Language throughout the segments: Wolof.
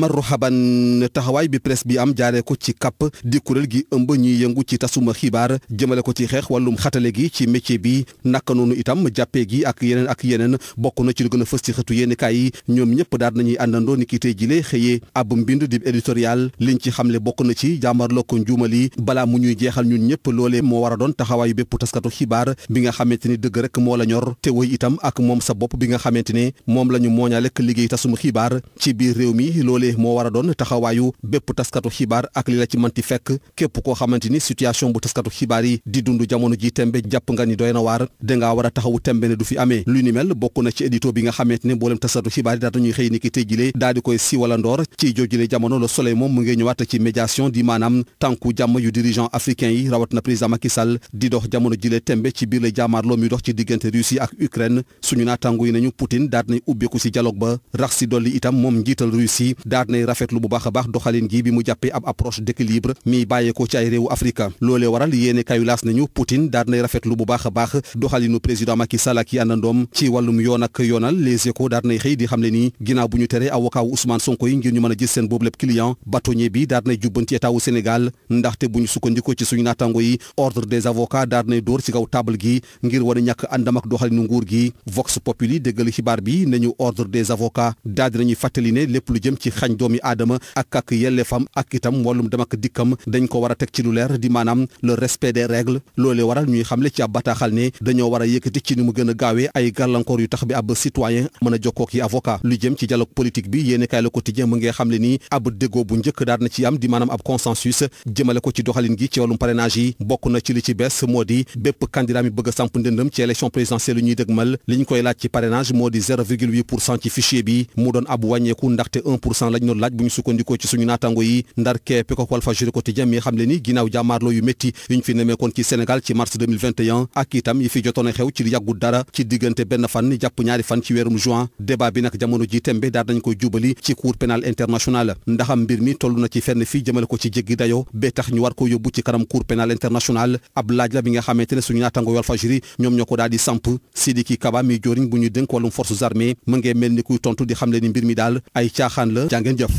xaban taxawaay bi presse bi am jaaree ko ci kàpp di kuréel gi ëmb ñuy yëngu ci tasuma xibaar jëmale ko ci xeex wàllum xatale gi ci métier bi naka noonu itam jàppee gi ak yeneen ak yeneen bokk na ci lu gën a fës ci xëtu yi ñoom ñëpp daal nañuy àndandoo ni ji tey xëyee ab mbind di éditorial liñ ci xamle bokk na ci jàmmarloo ko njuumal yi balaa mu ñuy jeexal ñun ñëpp loole moo war a doon taxawaayu bépp taskatu xibaar bi nga xamante ni dëgg rek moo la ñor te itam ak moom sa bopp bi nga xamante ne moom la ñu mooñalek liggéey tasuma xibaar ci biir réew mi loolee moo war doon taxawaayu bépp taskatu xibaar ak li la ci mënti fekk képp koo xamante ni situation bu taskatu xibaar yi di dund jamono ji tembe jàpp nga ni ni mel taskatu xibaar yi daata ñuy xëy ni ki tey koy siiwala ci jojule jamono Le Soleil mu ngi ñëwaat ci médiation di maanaam tànku jàmm yu dirigeant africain yi rawat na président Macky Sall di dox jamono jile tembe ci biir la jaamaarloo muy dox ci diggante Russie ak Ukraine daat nay rafetlu bu baax a baax doxalin gi bi mu jàppee ab approche d'équilibre mi bàyyeekoo ci ay réewu Afrika loolee waral yéene kayu laas nañu Poutine daat nay rafetlu bu baax a baax doxalinu président Macky Sall ak yi àndandoom ci wàllum yoon ak yoonal les échos daat nay xëy di xam ñu tere avocat a nay jubbanti bu ñu sukkandikoo ci suñu naatango yi ordre des ci kaw table ak doxalinu nguur gi Vox Populi déggal xibaar bi nañu ordre des avocats xañ doomi aadama ak ak yelleefam ak itam wàllum dem ak dikkam dañ ko war a teg ci lu leer di maanaam le respect des règles loolee waral ñuy xamle ci ab bataaxal ne dañoo war a ci ni mu gën a ay gàllankoor yu tax bi ab citoyen mën jokkook yi avocat lu jëm ci dialogue politique bi yéeni kaay Le Quotidien mu ngi xamle ni ab déggoo bu njëkk daal na ci am di maanaam ab consensus jëmale ko ci doxalin gi ci wàllum parrainage yi bokk na ci li ci lañ doon laaj bu ñu sukkandikoo ci suñu naataango yi ndar keepe ko Walfadjri Quotidien mi xam le ni ginnaaw jàmmaarloo yu métti yuñ fi nemmeekoon ci Sénégal ci mars ak itam yi fi jotoon a xew ci yàggu dara ci diggante benn fan jàpp ñaari fan ci weerum juin débat bi nag jamono ji tembe daal nañ koy jubali ci cour pénal international ndaxam mbir mi toll na ci fenn fii jëmale ko ci jéggi dayo ba tax ñu war ko yóbbu ci kanam cour pénal international ab laaj la bi nga xamante ne suñu naataango Walfadjri ñoom ko daal di samp Sidiki Kaba mi jóoriñ bu ñu dénk wàllum forces armées di xam le ni mbir mi daal ay caaxaan jàngeen jëf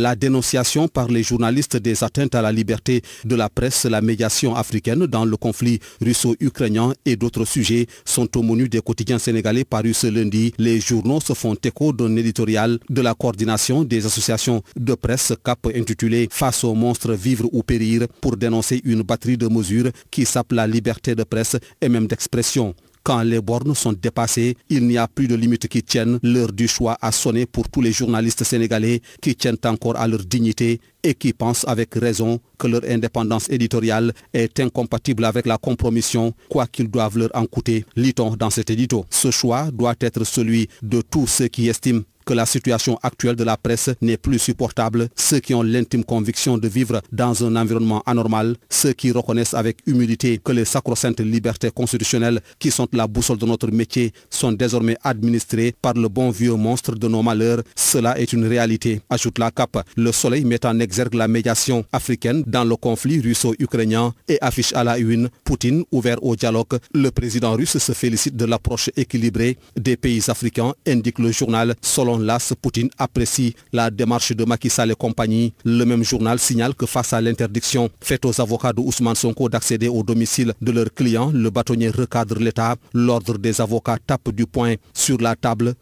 la dénonciation par les journalistes des atteintes à la liberté de la presse, la médiation africaine dans le conflit russo-ukrainien et d'autres sujets sont au menu des quotidiens sénégalais parus ce lundi. Les journaux se font écho d'un éditorial de la coordination des associations de presse CAP intitulé Face aux monstres, vivre ou périr pour dénoncer une batterie de mesures qui sape la liberté de presse et même d'expression. Quand les bornes sont dépassées, il n'y a plus de limites qui tiennent. L'heure du choix a sonné pour tous les journalistes sénégalais qui tiennent encore à leur dignité et qui pensent avec raison que leur indépendance éditoriale est incompatible avec la compromission, quoi qu'ils doivent leur en coûter, lit-on dans cet édito. Ce choix doit être celui de tous ceux qui estiment que la situation actuelle de la presse n'est plus supportable, ceux qui ont l'intime conviction de vivre dans un environnement anormal, ceux qui reconnaissent avec humilité que les sacro-saintes libertés constitutionnelles qui sont la boussole de notre métier sont désormais par le bon vieux monstre de nos malheurs, cela est une exergue la médiation africaine dans le conflit russo-ukrainien et affiche à la une Poutine ouvert au dialogue. Le président russe se félicite de l'approche équilibrée des pays africains, indique le journal. Selon l'AS, Poutine apprécie la démarche de Macky Sall et compagnie. Le même journal signale que face à l'interdiction faite aux avocats de Ousmane Sonko d'accéder au domicile de leurs clients, le bâtonnier recadre l'État. L'ordre des avocats tape du la table,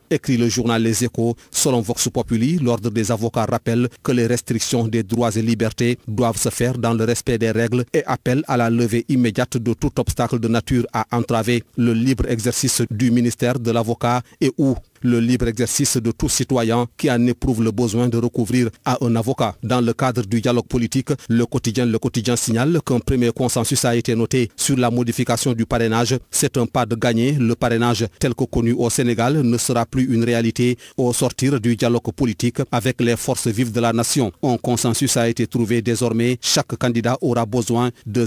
des droits et libertés doivent se faire dans le respect des règles et appellent à la levée immédiate de tout obstacle de nature à entraver le libre exercice du ministère de l'avocat et ou le libre exercice de tout citoyen qui en éprouve le besoin de recouvrir à un avocat. Dans le cadre du dialogue politique, le quotidien Le Quotidien signale qu'un premier consensus a été noté sur la modification du parrainage. C'est un pas de gagné. Le parrainage tel que connu au Sénégal ne sera plus une réalité au sortir du dialogue politique avec les forces vives de la nation. Un consensus a été trouvé désormais. Chaque candidat aura besoin de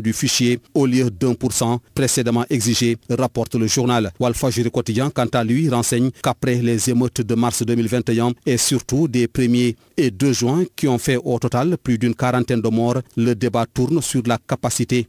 du fichier lui renseigne qu'après les émeutes de mars 2021 et surtout des 1er et 2 juin qui ont fait au total plus d'une quarantaine de morts, le débat tourne sur la capacité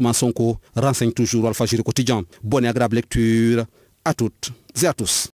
Ousmane Sonko renseigne toujours Walfadjri Quotidien. Bonne et agréable lecture à toutes et à tous.